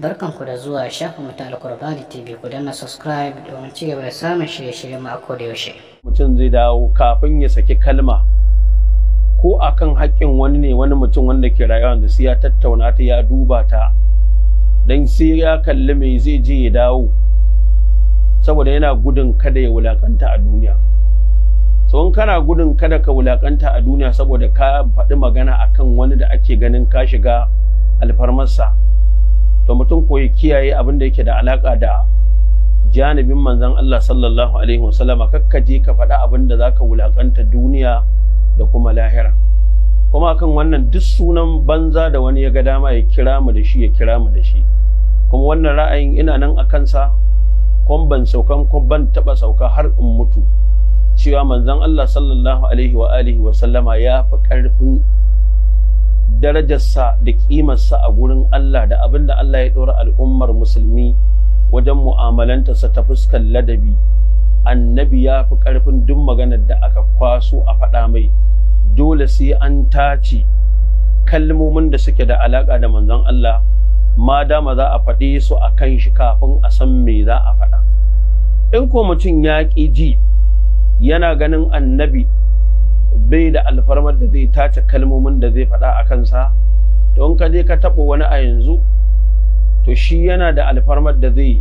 barkanku da zuwa shafin mu ta alkurbani tv ku danna subscribe domin ci gaba da samun shirye-shiryen mu a koda yaushe mutum zai dawo kafin ya saki kalma ko akan haƙƙin wani ne wani mutum wanda ke rayuwa da sai ya tattauna ta ya duba ta dan sai ya kalli mai zai je ya dawo saboda yana gudun kada ya wulakanta a duniya so in kana gudun kada ka wulakanta a duniya saboda ka faɗi magana akan wani da ake ganin ka shiga alfarmarsa to mutum koyi kiyaye abin da yake da alaka da janibin manzon Allah sallallahu alaihi wasallama kakka je ka faɗa abin da zaka wulakanta duniya da kuma lahira kuma akan wannan duk sunan banza da wani ya ga dama ya kira mu da shi ya kira mu da shi kuma wannan ra'ayin ina nan a kansa kuma ban saukan kuma ban taba sauka har in mutu cewa manzon Allah sallallahu alaihi wa alihi wasallama ya fi karfin darajarsa da ƙimarsa a gurin Allah da abin da Allah ya ɗora al'ummar musulmi wajen mu'amalantarsa ta fuskar ladabi annabi ya fi ƙarfin duk maganar da aka kwaso a faɗa mai dole sai an tace kalmomin da suke da alaƙa da manzon Allah ma dama za a faɗe su a kan shi kafin a san me za a faɗa in ko mutum ya ƙi ji yana ganin annabi bai da alfarmar da zai tace kalmomin da zai faɗa a kansa to in ka je ka taɓa wani a yanzu to shi yana da alfarmar da zai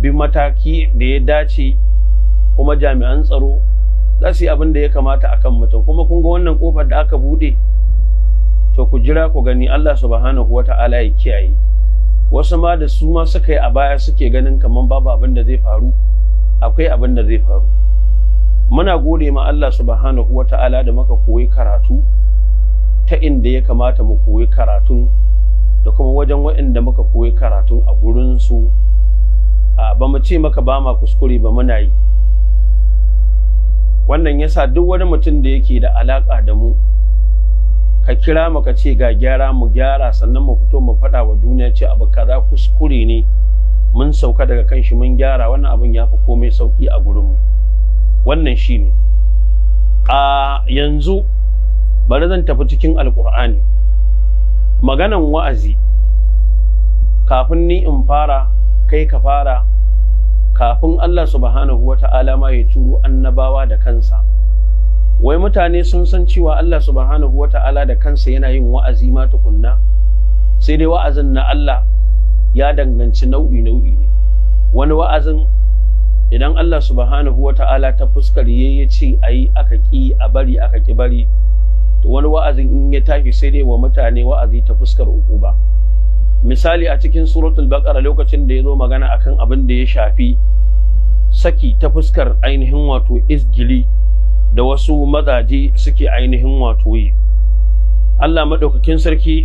bi mataki da ya dace kuma jami'an tsaro za su yi abin da ya kamata akan mutum kuma kun ga wannan kofar da aka buɗe to ku jira ku gani Allah subhanahu wata'ala ya kiyaye wasu ma da su ma suka yi a baya suke ganin kamar babu abin da zai faru akwai abin da zai faru muna gode ma Allah subhanahu wa ta'ala da muka koyi karatu ta inda ya kamata mu koyi karatun da kuma wajen waɗanda muka koyi karatun a gurinsu ba mu ce maka ba ma kuskure ba muna yi wannan yasa duk wani mutum da yake da alaƙa da mu ka kira mu ka ce ga gyara mu gyara sannan mu fito mu faɗa wa duniya ce abu kaza kuskure ne mun sauka daga kan shi mun gyara wannan abun ya fi komai sauƙi a gurin mu wannan shi ne. a yanzu bari zan tafi cikin alkur'ani maganan wa'azi kafin ni in fara kai ka fara kafin Allah subhanahu wata'ala ma ya turo annabawa da kansa wai mutane sun san cewa Allah subhanahu wata'ala da kansa yana yin wa'azi ma tukunna sai dai wa'azin na Allah ya danganci nau'i nau'i ne wani wa'azin idan Allah subhanahu wa ta'ala ta fuskar ya ce a yi aka ƙi a bari aka ƙi bari to wani wa'azin in ya tafi sai dai wa mutane wa'azi ta fuskar uku ba. misali a cikin suratul baqara lokacin da ya zo magana akan abin da ya shafi saki ta fuskar ainihin wato izgili da wasu mazaje suke ainihin wato yi Allah maɗaukakin sarki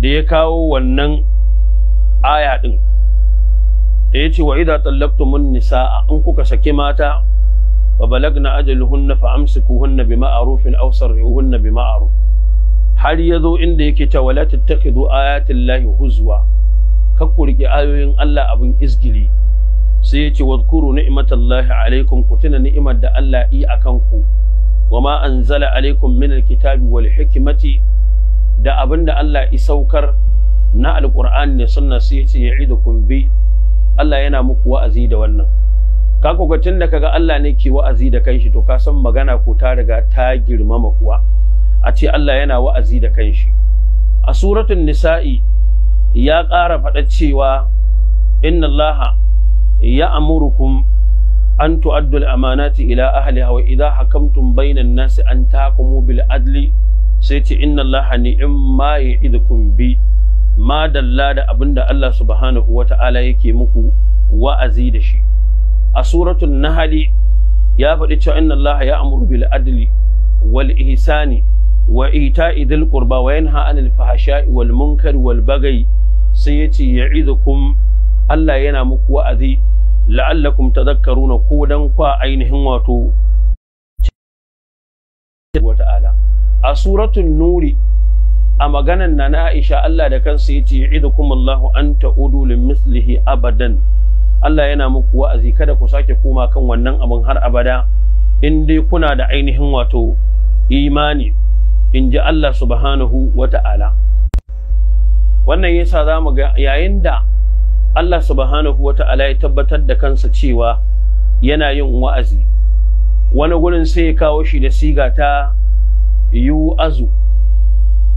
da ya kawo wannan aya ɗin da yace wa idza tallaqtumun nisaa in kuka saki mata wa balagna ajaluhunna fa amsikuhunna bi ma'rufin aw sarrihuhunna bi ma'ruf har yazo inda yake ta wala tattakhidu ayatin lahi huzwa ayoyin Allah abin izgili sai yace wadhkuru ni'matallahi alaikum ku tuna ni'imar da Allah yi akan ku wama anzala alaikum min alkitabi wal hikmati da abinda Allah isaukar na alqur'ani ne sunna sai yace ya'idukum bi Allah yana muku wa'azi da wannan ka kuka tunda da kaga Allah ne ke wa'azi da kanshi to ka san magana ko ta riga ta girmama kuwa a ce Allah yana wa'azi da kanshi a suratul nisa'i ya ƙara faɗa cewa inna Allah ya amurukum an tu'addul amanati ila ahliha wa idha hakamtum bainan nasi an taqumu bil adli sai ce inna Allah ni'imma ya'idukum bi ma dalla da abin da Allah subhanahu wa ta'ala yake muku wa'azi da shi a suratul nahali ya faɗi cewa inna Allah ya amuru bil adli wal ihsani wa ita'i dhil qurba wa yanha 'anil fahsha'i wal munkari wal baghi sai yace ya'idukum Allah yana muku wa'azi la'allakum tadhakkaruna ko dan kwa ainihin wato wa ta'ala a suratul nuri a maganan na na Aisha Allah da kansa ya ce idukumullahu an ta'udu lin mislihi abadan Allah yana muku wa'azi kada ku sake koma kan wannan abin har abada in dai kuna da ainihin wato imani in ji Allah subhanahu wa ta'ala wannan yasa za mu ga yayin da Allah subhanahu wa ta'ala ya tabbatar da kansa cewa yana yin wa'azi wani gurin sai ya kawo shi da siga ta yu'azu azu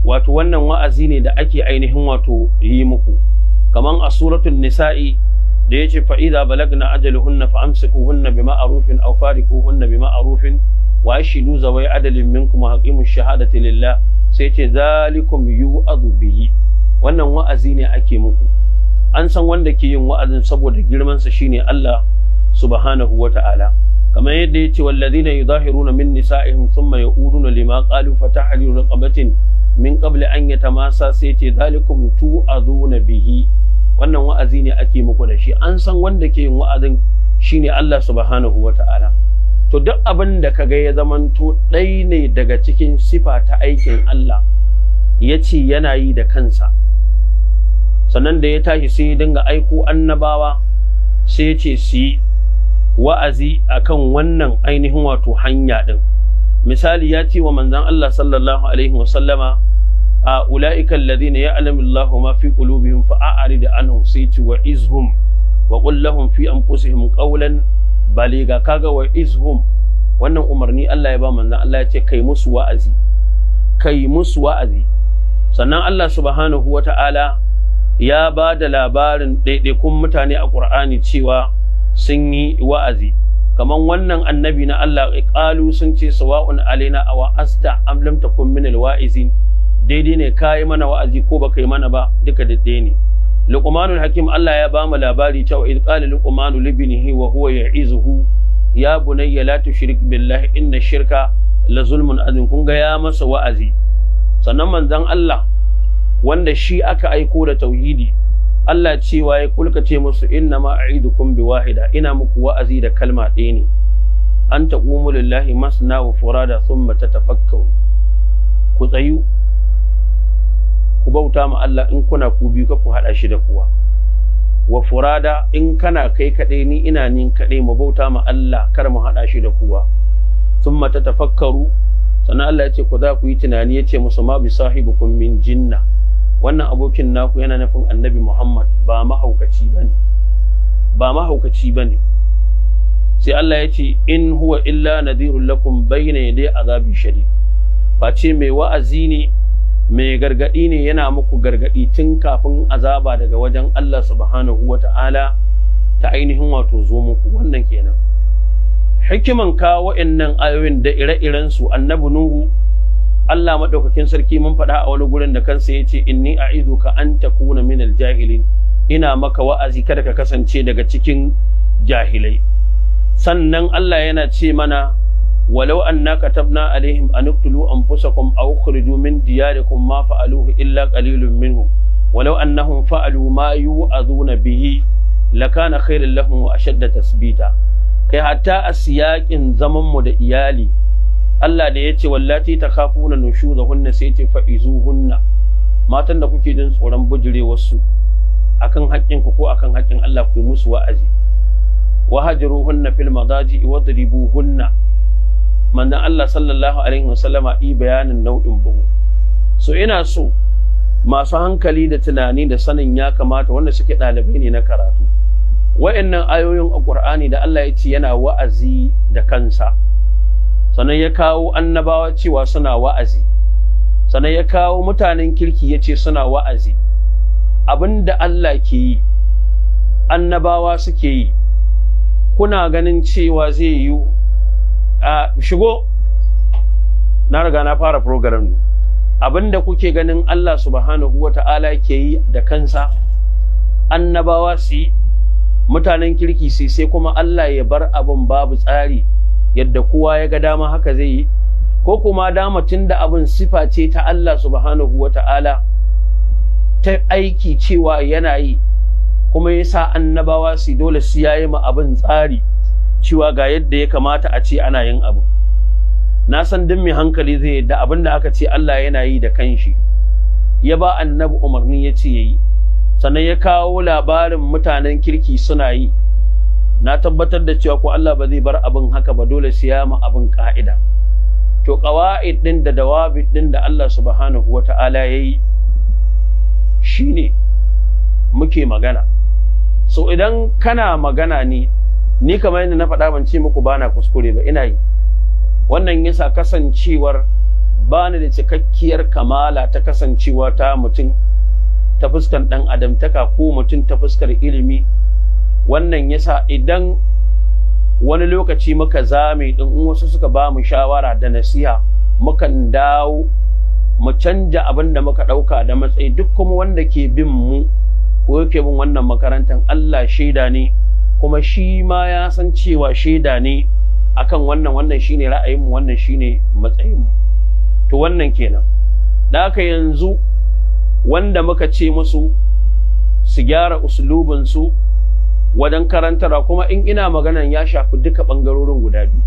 wato wannan wa'azi ne da ake ainihin wato yi muku kaman a suratul nisa'i da yace fa idza balagna ajaluhunna fa amsikuhunna bi ma'rufin aw farikuhunna bi ma'rufin wa ashhidu zawai adalin minkum haqimu shahadati lillah sai yace zalikum yu'adhu bihi wannan wa'azi ne ake muku an san wanda ke yin wa'azin saboda girman sa shine Allah subhanahu wata'ala kamar yadda yace wallazina yudahiruna min nisa'ihim thumma ya'uduna lima qalu fatahlilu raqabatin min qabli an masa sai ce zalikum na bihi wannan wa'azi ne ake muku da shi an san wanda ke yin wa'azin shine Allah subhanahu ta'ala. to duk abin da ka kaga ya zamanto ɗai ne daga cikin sifa ta aikin Allah ya ce yana yi da kansa sannan da ya tashi sai ya dinga aiko annabawa sai ya ce su yi wa'azi akan wannan ainihin wato hanya ɗin misali ya ce wa manzan Allah sallallahu alaihi wa sallama a ulaika alladhina ya'lamu Allahu ma fi qulubihim fa da anhum sai ce wa izhum wa qul lahum fi anfusihim ƙaulan baliga kaga wa izhum wannan umarni Allah ya ba manzan Allah ya ce kai musu wa'azi kai musu wa'azi sannan Allah subhanahu ta'ala ya ba da labarin ɗaiɗaikun mutane a ƙur'ani cewa sun yi wa'azi kaman wannan annabi na Allah iqalu sun ce sawa'un alaina aw asta am lam takun min alwa'izin daidai ne kai mana wa'azi ko baka yi mana ba duka daidai ne luqmanul hakim Allah ya ba mu labari cewa id qala luqmanu libnihi wa huwa ya'izuhu ya bunayya la tushrik billahi inna shirka la zulmun azim kun ga ya masa wa'azi sannan manzon Allah wanda shi aka aiko da tauhidi Allah cewa ya kulka ce musu inna ma a'idukum bi wahida ina muku wa'azi da kalma ɗaya ne an taqumu lillahi masna wa furada thumma tatafakkaru ku tsayu ku bauta ma Allah in kuna ku biyu ka ku hada shi da kuwa wa furada in kana kai kaɗai ni ina nin kaɗai mu bauta ma Allah kar mu hada shi da kuwa thumma tatafakkaru sannan Allah ya ce ku za ku yi tunani ya ce musu ma bi sahibukum min jinna wannan abokin naku yana nufin annabi Muhammad ba mahaukaci bane ba mahaukaci ne sai Allah ya ce in huwa illa nadhirul lakum bayna dai azabi shari ba ce mai wa'azi ne mai gargadi ne yana muku gargadi tun kafin azaba daga wajen Allah subhanahu ta'ala ta ainihin wato zo muku wannan kenan hikiman ka wa'annan ayoyin da ire-iren su annabi Nuhu Allah madaukakin sarki mun faɗa a wani gurin da kansa yace inni a'iduka an takuna minal jahilin ina maka wa'azi kada ka kasance daga cikin jahilai sannan Allah yana ce mana walau anna katabna alaihim an iqtulu anfusakum aw ukhriju min diyarikum ma fa'aluhu illa qalilun minhum walau annahum fa'alu ma yu'aduna bihi lakana khairan lahum wa ashadda tasbita kai hatta a siyaƙin zamanmu da iyali Allah da ya ce wallati ta kafu na nushu da hunna sai ce fa'izu hunna matan da kuke jin tsoron bujirewarsu akan haƙƙin ku ko akan haƙƙin Allah ku musu wa'azi wa hajiru hunna fil madaji wa dribu hunna manzon Allah sallallahu alaihi wasallama i bayanin nau'in bugu so ina so masu hankali da tunani da sanin ya kamata wanda suke ɗalibai ne na karatu wa'annan ayoyin Alƙur'ani da Allah ya ce yana wa'azi da kansa sannan ya kawo annabawa cewa suna wa'azi sannan ya kawo mutanen kirki ya ce suna wa'azi abin Allah ke yi annabawa suke yi kuna ganin cewa zai yi a shigo na riga na fara program abin da kuke ganin Allah subhanahu wata'ala ta'ala ke yi da kansa annabawa su yi mutanen kirki sai sai kuma Allah ya bar abin babu tsari yadda kowa ya ga dama haka zai yi ko kuma dama tun da abin sifa ce ta Allah subhanahu wata'ala ta aiki cewa yana yi kuma ya sa annabawa su dole su yayi ma abin tsari cewa ga yadda ya kamata a ce ana yin abu na san duk mai hankali zai yadda abin da aka ce Allah yana yi da kanshi ya ba annabi umarni ya ce yayi sannan ya kawo labarin mutanen kirki suna yi na tabbatar da cewa ko Allah ba zai bar abin haka ba dole sai mu abin ka'ida to qawaid din da dawabi din da Allah subhanahu wata'ala yayi shine muke magana so idan kana magana ni ni kamar yadda na faɗa ban ce muku bana kuskure ba ina yi wannan yasa kasancewar bani da cikakkiyar kamala ta kasancewa ta mutum ta fuskar ɗan adamtaka ko mutum ta fuskar ilimi wannan yasa idan wani lokaci muka zame din wasu suka ba mu shawara da nasiha mukan dawo mu canja abin da muka ɗauka da matsayi duk kuma wanda ke bin mu ko yake bin wannan makarantar Allah shaida ne kuma shi ma ya san cewa shaida ne akan wannan wannan shine mu, wannan shine mu. to wannan kenan da haka yanzu wanda muka ce musu su gyara uslubin su wajen karantarwa kuma in ina maganan ya shafi duka ɓangarorin guda biyu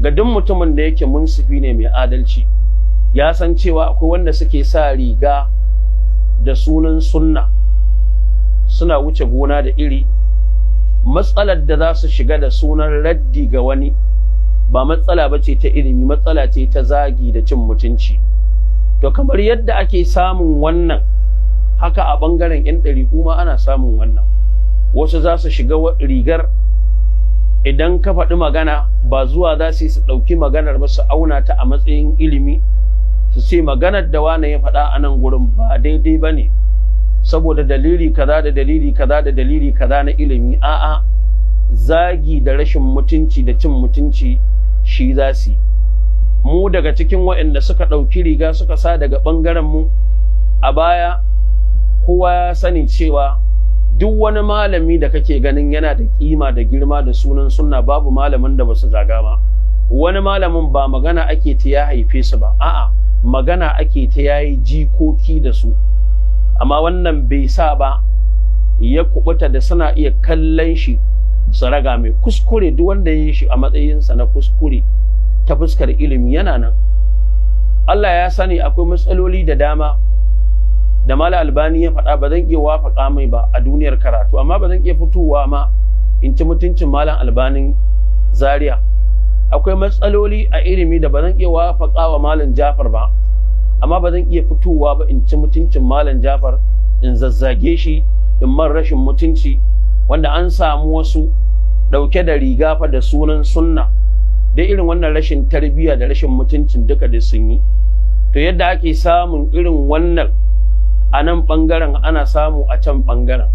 ga duk mutumin da yake munsifi ne mai adalci ya san cewa akwai wanda suke sa riga da sunan sunna suna wuce gona da iri matsalar da za su shiga da sunan raddi ga wani ba matsala ba ce ta ilimi matsala ce ta zagi da cin mutunci to kamar yadda ake samun wannan haka a ɓangaren 'yan ɗari kuma ana samun wannan wasu za su shiga rigar idan ka faɗi magana ba zuwa za su yi su ɗauki maganar ba su auna ta a matsayin ilimi su ce maganar da wane ya faɗa a nan gurin ba daidai ba ne saboda dalili kaza da dalili kaza da dalili kaza na ilimi a'a zagi da rashin mutunci da cin mutunci shi za su mu daga cikin waɗanda suka ɗauki riga suka sa daga ɓangaren mu a baya kowa ya sani cewa duk wani malami da kake ganin yana da kima da girma da sunan sunna babu malamin da basu zaga ba wani malamin ba magana ake ta ya haife su ba a'a magana ake ta yayi jikoki da su amma wannan bai sa ba ya kubuta da suna iya kallon shi su raga mai kuskure duk wanda ya yi shi a matsayinsa na kuskure ta fuskar ilimi yana nan Allah ya sani akwai matsaloli da dama da mala albani ya faɗa ba zan iya wafaka mai ba a duniyar karatu amma ba zan iya fitowa ma in ci mutuncin malam albanin zaria akwai matsaloli a ilimi da ba zan iya wafaka wa malam jafar ba amma ba zan iya fitowa ba in ci mutuncin malam jafar in zazzage shi in man rashin mutunci wanda an samu wasu ɗauke da riga fa da sunan sunna da irin wannan rashin tarbiyya da rashin mutuncin duka da sun yi to yadda ake samun irin wannan a nan ɓangaren ana samu a can ɓangaren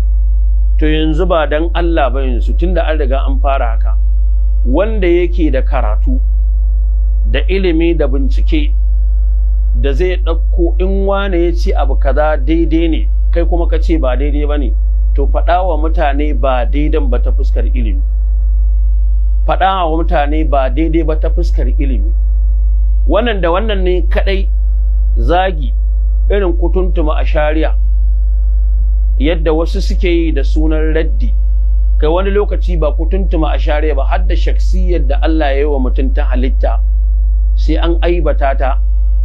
to yanzu ba don Allah ba yanzu tunda an riga an fara haka wanda yake da karatu da ilimi da bincike da zai ɗauko in wane ya ce abu kaza daidai ne kai kuma ka ce ba daidai ba ne to faɗa wa mutane ba daidan ba ta fuskar ilimi faɗa wa mutane ba daidai ba ta fuskar ilimi wannan da wannan ne kaɗai zagi irin kutuntuma a shari'a yadda wasu suke yi da sunan raddi kai wani lokaci ba kutuntuma a shari'a ba har da shaksiyar da Allah ya yi wa mutum ta halitta sai an aibata ta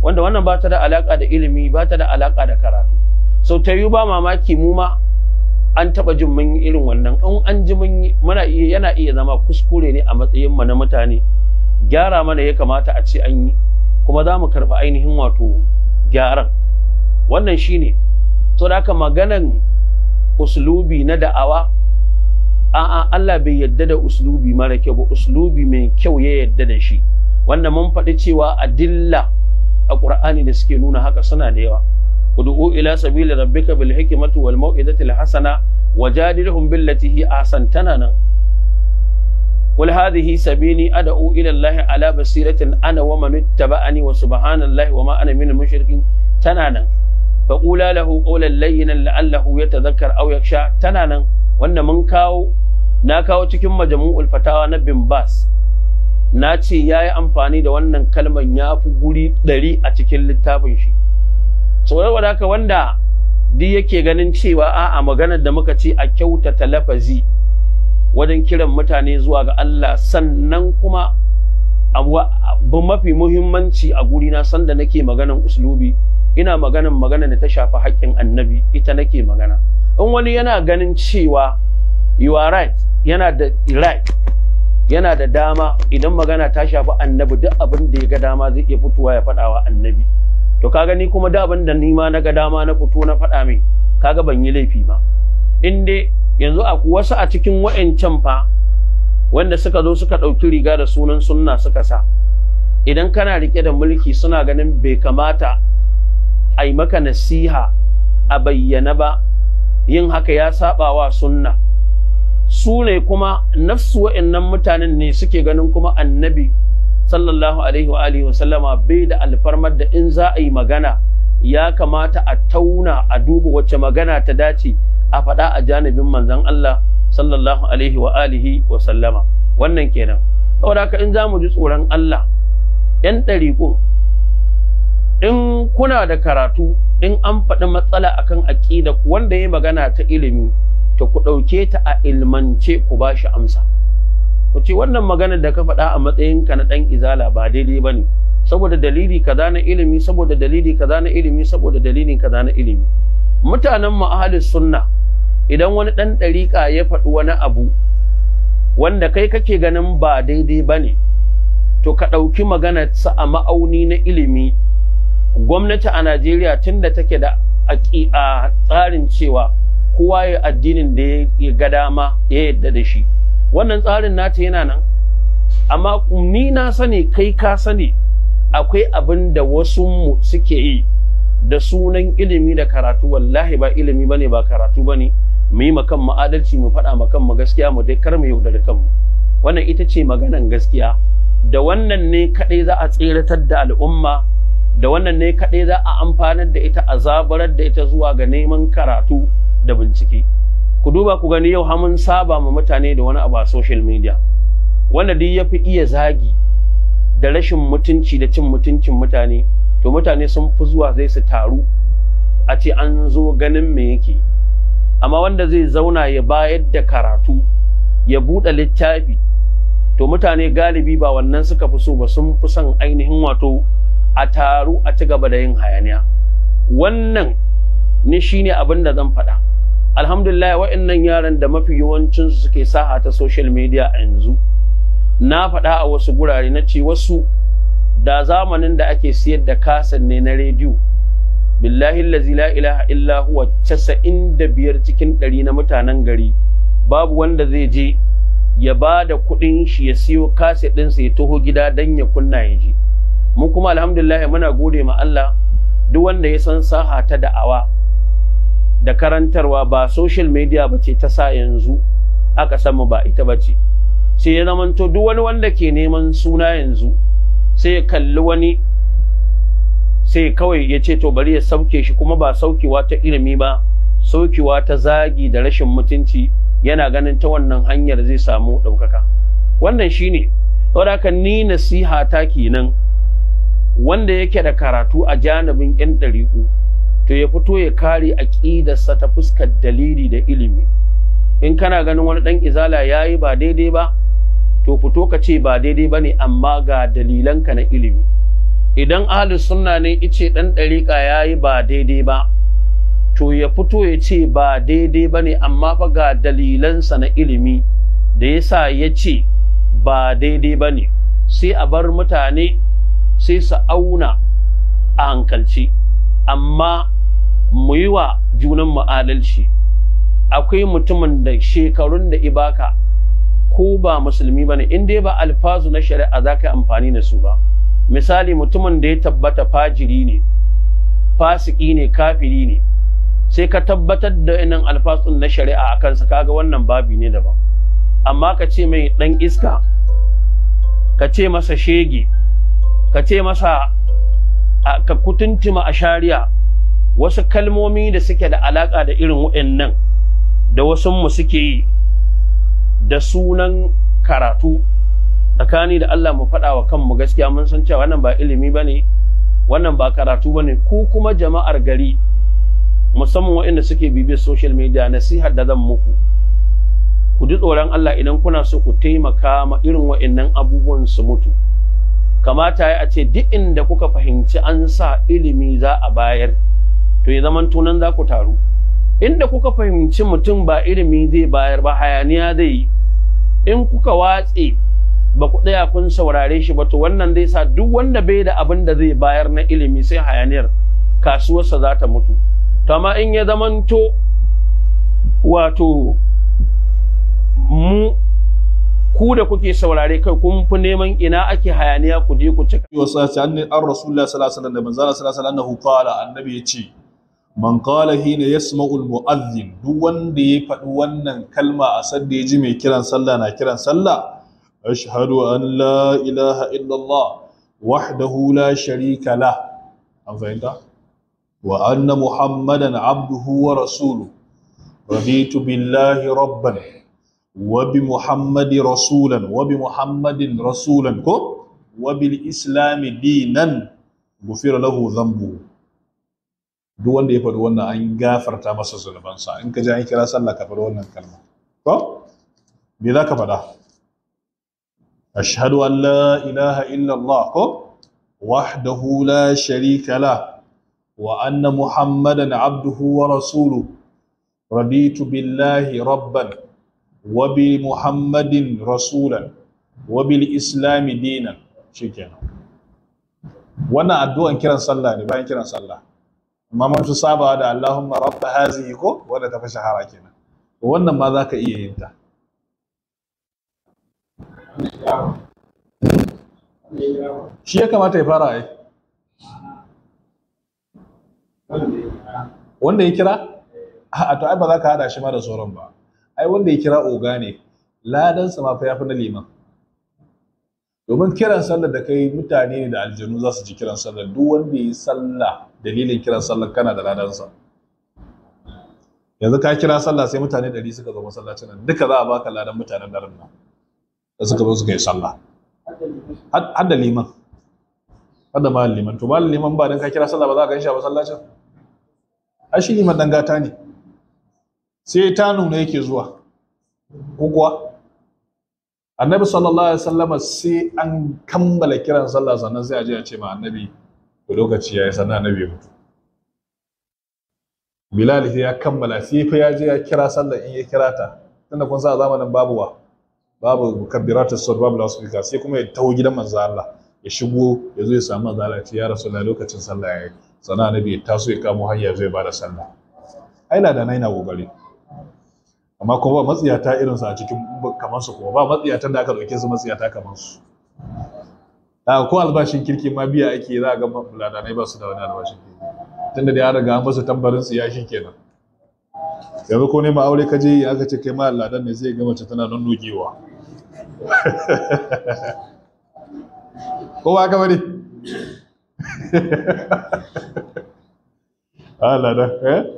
wanda wannan ba ta da alaka da ilimi ba ta da alaka da karatu so ta yi ba mamaki mu ma an taba jin mun irin wannan in an ji mun muna iya yana iya zama kuskure ne a matsayin mu na mutane gyara mana ya kamata a ce an yi kuma za mu karɓi ainihin wato gyaran wannan shine to da haka maganan uslubi na da'awa a'a Allah bai yadda da uslubi mara kyau ba uslubi mai kyau ya yadda da shi wanda mun faɗi cewa adilla a Qur'ani da suke nuna haka suna da yawa ud'u ila sabili rabbika bil hikmati wal mau'izati al hasana wajadilhum billati hi ahsan tana nan قل هذه سبيلي أدعو إلى الله على بصيرة أنا ومن اتبعني وسبحان الله وما أنا من المشركين تنانا فقولا له قولا لينا لعله يتذكر او يخشى tana nan wannan mun kawo na kawo cikin majmu'ul fatawa na bin bas na ce ya yi amfani da wannan kalman ya fi guri ɗari a cikin littafin shi saboda haka wanda duk yake ganin cewa a maganar da muka ce a kyautata lafazi wajen kiran mutane zuwa ga Allah sannan kuma abu mafi muhimmanci a guri na sanda nake maganan uslubi ina maganan magana da ta shafi haƙƙin annabi ita nake magana in wani yana ganin cewa you are right yana da right yana da dama idan magana ta shafi annabi duk abin da ya ga dama zai iya fitowa ya faɗa wa annabi to kaga ni kuma da abin da ni ma na ga dama na fito na faɗa mai kaga ban yi laifi ba in dai yanzu a wasu a cikin wa'ancan fa wanda suka zo suka ɗauki riga da sunan sunna suka sa idan kana riƙe da mulki suna ganin bai kamata a maka nasiha a bayyana ba yin haka ya saba wa sunna su ne kuma nafsu wa'annan mutanen ne suke ganin kuma annabi sallallahu alaihi wa alihi wasallama bai da alfarmar da in za a yi magana ya kamata a tauna a duba wacce magana ta dace a faɗa a janibin manzon Allah sallallahu alaihi wa alihi wa wannan kenan saboda haka in za mu ji tsoron Allah yan ɗariƙo in kuna da karatu in an faɗi matsala akan aƙida wanda ya magana ta ilimi to ku ɗauke ta a ilmance ku ba shi amsa ku ce wannan maganar da ka faɗa a matsayinka na ɗan izala ba daidai ba ne saboda dalili kaza na ilimi saboda dalili kaza na ilimi saboda dalilin kaza na ilimi mutanen mu ahlus sunna idan wani ɗan ɗariƙa ya faɗi wani abu wanda kai kake ganin ba daidai bane to ka ɗauki maganarsa a ma'auni na ilimi gwamnati a Najeriya tun da take da a tsarin cewa kowa ya addinin da ya ga dama ya yarda da shi wannan tsarin nata yana nan amma ni na sani kai ka sani akwai abin da wasu mu suke yi da sunan ilimi da karatu wallahi ba ilimi bane ba karatu bane mu yi makan mu adalci mu faɗa makan mu gaskiya mu dai kar mu yaudari kanmu wannan ita ce maganan gaskiya da wannan ne kaɗai za a tseratar da al'umma da wannan ne kaɗai za a amfanar da ita a zabarar da ita zuwa ga neman karatu da bincike ku duba ku gani yau hamun saba ma mutane da wani abu a social media wanda duk ya fi iya zagi da rashin mutunci da cin mutuncin mutane to mutane sun fi zuwa zai su taru a ce an zo ganin me yake amma wanda zai zauna ya bayar da karatu ya buɗe littafi to mutane galibi ba wannan suka fi so ba sun fi son ainihin wato a taru a ci gaba da yin hayaniya wannan ni shine abin da zan faɗa alhamdulillah wa'annan yaran da mafi yawancin su suke saha ta social media a yanzu na faɗa a wasu gurare na ce wasu da zamanin da ake siyar da kasan ne na rediyo billahi allazi la ilaha illa huwa 95 cikin ɗari na mutanen gari babu wanda zai je ya ba da kuɗin shi ya siyo kaset ɗinsa ya taho gida don ya kunna ya ji mu kuma alhamdulillah muna gode ma Allah duk wanda ya san saha ta da'awa da karantarwa ba social media bace ce ta sa yanzu aka samu ba ita bace. ce sai ya zamanto duk wani wanda ke neman suna yanzu sai ya kalli wani sai kawai ya ce to bari ya sauke shi kuma ba saukewa ta ilimi ba saukewa ta zagi da rashin mutunci yana ganin ta wannan hanyar zai samu ɗaukaka wannan shine saboda haka ni nasiha ta kenan wanda yake da karatu a janibin yan ɗariƙu to ya fito ya kare aƙidarsa ta fuskar dalili da ilimi in kana ganin wani ɗan izala ya yi ba daidai ba to fito ka ce ba daidai ba ne amma ga dalilanka na ilimi idan ahli sunna ne ice ɗan ɗariƙa ya yi ba daidai ba to ya fito ya ce ba daidai ba ne amma fa ga dalilansa na ilimi da yasa ya ce ba daidai ba ne sai a bar mutane sai su auna a hankalci amma mu yi wa junan mu adalci akwai mutumin da shekarun da ibaka ko ba musulmi bane in dai ba alfazu na shari'a za ka amfani da su ba misali mutumin da ya tabbata fajiri ne fasiki ne kafiri ne sai ka tabbatar da inan alfasun na shari'a a kansa kaga wannan babi ne daban amma ka ce mai dan iska ka ce masa shege ka ce masa ka kutuntuma a shari'a wasu kalmomi da suke da alaƙa da irin wa'annan da wasu mu suke yi da sunan karatu tsakani da Allah mu faɗa wa kanmu gaskiya mun san cewa wannan ba ilimi ba ne wannan ba karatu ba ne ko kuma jama'ar gari musamman waɗanda suke bibiyar social media nasihar da zan muku ku ji tsoron Allah idan kuna so ku taimaka ma irin nan abubuwan su mutu kamata ya ce duk inda kuka fahimci an sa ilimi za a bayar to ya zaman tunan za ku taru inda kuka fahimci mutum ba ilimi zai bayar ba hayaniya zai yi in kuka watse ba ku tsaya kun saurare shi ba to wannan zai sa duk wanda bai da abin da zai bayar na ilimi sai hayaniyar kasuwarsa za ta mutu to amma in ya zamanto wato mu ku da kuke saurare kai kun fi neman ina ake hayaniya ku je ku cika wa sace an an rasulullah sallallahu alaihi wasallam da manzo sallallahu alaihi wasallam qala annabi yace man qala hina yasma'u al mu'adhdhin duk wanda ya faɗi wannan kalma a sanda ya ji mai kiran sallah na kiran sallah ashhadu an la ilaha illallah wahdahu la sharika la an fahimta wa anna muhammadan abduhu wa rasuluhu raditu billahi rabban wabi muhammadi rasulan wabi muhammadin rasulan ko wa islami dinan gufira lahu dhanbu duk wanda ya faɗi wannan an gafarta masa zunubansa in ka ji an kira sallah ka faɗi wannan kalma ko me za ka faɗa ashhadu an la ilaha illa allah ko wahdahu la sharika la wa anna muhammadan abduhu wa rasuluhu raditu billahi rabban وبمحمد رسولا وبالإسلام دينا شكرا wannan addu'an kiran sallah ne bayan kiran sallah amma mun fi sabawa da Allahumma Rabba hazihi ko wanda ta fi shahara kenan wannan ma zaka iya yin ta shi ya kamata ya fara yi. wanda ya kira a to ai ba za ka hada shi ma da sauran ba ai wanda ya kira oga ne ladansa ma fa yafi na liman domin kiran sallar da kai mutane ne da aljanu za su ji kiran sallar duk wanda ya yi sallah dalilin kiran sallar kana da ladansa yanzu ka kira sallah sai mutane ɗari suka zo masallacin nan duka za a baka ladan mutanen daren nan da suka zo suka yi sallah hadda liman hadda ma liman to ba liman ba dan ka kira sallah ba za ka gan shi a masallacin ai shi liman dan gata ne sai ta nuna yake zuwa kuwa annabi sallallahu alaihi wasallama sai an kammala kiran sallah sannan sai a je a ce ma annabi to lokaci yi sannan annabi ya mutu bilal sai ya kammala sai fa ya je ya kira sallah in ya kira ta tunda kun sa zamanin babu wa babu kabirata sur babu lasfika sai kuma ya taho gidan manzo Allah ya shigo ya zo ya samu manzo Allah ya rasulullahi lokacin sallah ya yi sannan annabi ya taso ya kamo hanya zai bada sallah aina da naina gobare amma kuma ba matsiyata irinsu a cikin kamar su kuma ba matsiyatan da aka ɗauke su matsiyata kamar su da ko albashin kirki ma biya ake za a ga ladanai ba su da wani albashin kirki tunda da ya riga an basu tambarin su ya shi kenan yanzu ko ne ma aure ka je aka ce kai ma ladan ne zai ga mace tana nan nogewa ko ba ka bane Allah da eh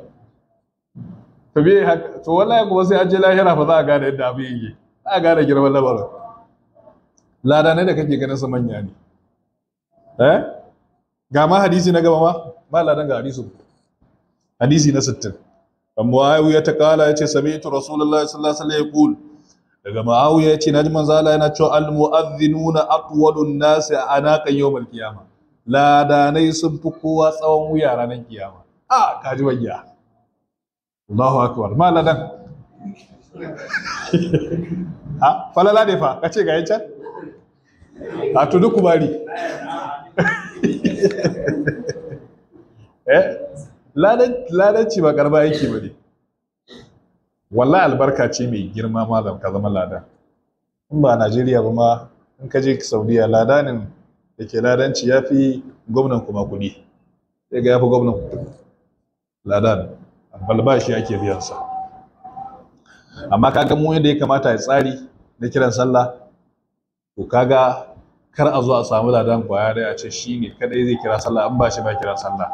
to me haka to wallahi kuma sai an je lahira fa za a gane yadda abin yake za a gane girman lamarin lada ne da kake ganin sa manya ne eh ga ma hadisi na gaba ma ba ladan ga hadisi hadisi na 60 kan muawiya ta kala yace sami'tu rasulullahi sallallahu alaihi wasallam yaqul daga muawiya yace naji manzo Allah yana cewa al mu'adhdhinuna atwalun nas anaqan yawmal qiyamah ladanai sun fi kowa tsawon wuya ranar kiyama a ah, kaji wayya Allahu akbar maladan ha falala ne fa kace ga yancan a tudu bari eh ladanci ba garba yake ba ne wallahi albarka ce mai girma malam ka zama Ladan. in ba Najeriya ba ma in ka je Saudiya ladanin da ke ladanci ya fi gwamnan kuma kuɗi sai ga yafi fi gwamnan ladan albashi ake biyan sa, amma kaga mu yadda ya kamata ya tsari na kiran sallah to kaga kar a zo a samu ladan kwaya da ya ce shi ne kadai zai kira sallah an ba ba kira sallah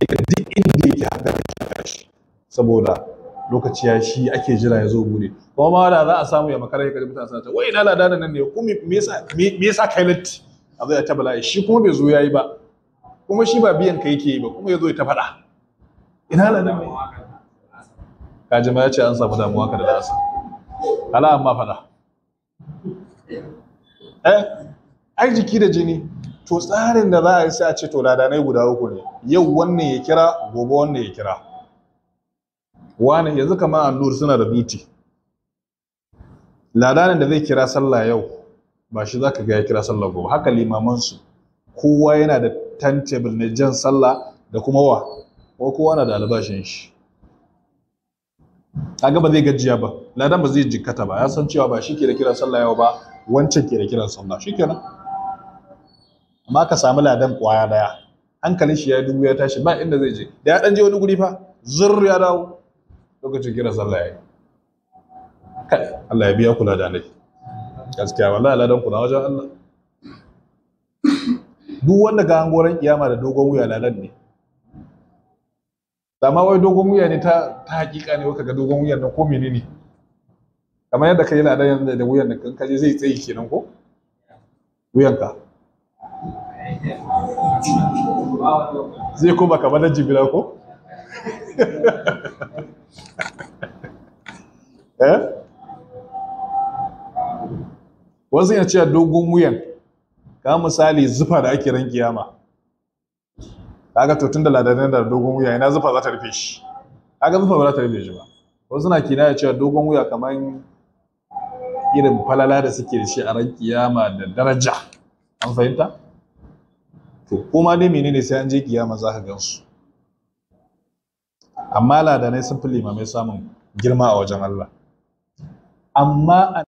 duk inda yake haka da shi saboda lokaci ya shi ake jira ya zo bude kuma ma da za a samu ya makara ya kaji mutane sanata wai ina ladan nan ne ku me yasa me yasa kai latti a zai ta bala'i shi kuma bai zo yayi ba kuma shi ba biyan ka yake yi ba kuma ya zo ya ta faɗa ina ladan nan ka ma ya ce an samu damuwa ka da lasa ala amma faɗa eh ai jiki da jini to tsarin da za a yi sai a ce to ladanai guda uku ne yau wannan ya kira gobe wannan ya kira wani yanzu kamar annur suna da duti ladanin da zai kira sallah yau ba shi za ka ga ya kira sallah gobe haka limamansu kowa yana da timetable ne jan sallah da kuma wa ko kowa na da albashin shi kaga ba zai gajiya ba ladan ba zai jikkata ba ya san cewa ba shi ke da kiran sallah yau ba wancan ke da kiran sallah shikenan amma ka samu ladan kwaya daya hankalin shi ya dubu ya tashi ba inda zai je da ya dan je wani guri fa zur ya dawo lokacin kiran sallah yayi kai Allah ya biya kula da nake gaskiya wallahi ladan kula wajen Allah duk wanda ga hangoran kiyama da dogon wuya lalan ne dama wai dogon wuya ne ta ta hakika ne waka ga dogon wuyan nan ko menene kamar yadda kai ladan yanda da wuyan nan kan kaje zai tsayi kenan ko wuyanka zai kuma kamar na jibila ko eh wasu yana cewa dogon wuyan ka misali zufa da ake ran kiyama kaga to tunda ladanin da dogon wuya ina zufa za ta rufe shi kaga zufa ba za ta rufe shi ba wasu na kinaya cewa dogon wuya kamar irin falala da suke da shi a ran kiyama da daraja an fahimta to kuma dai menene sai an je kiyama za ka gansu amma ladanai sun fi limamai samun girma a wajen Allah amma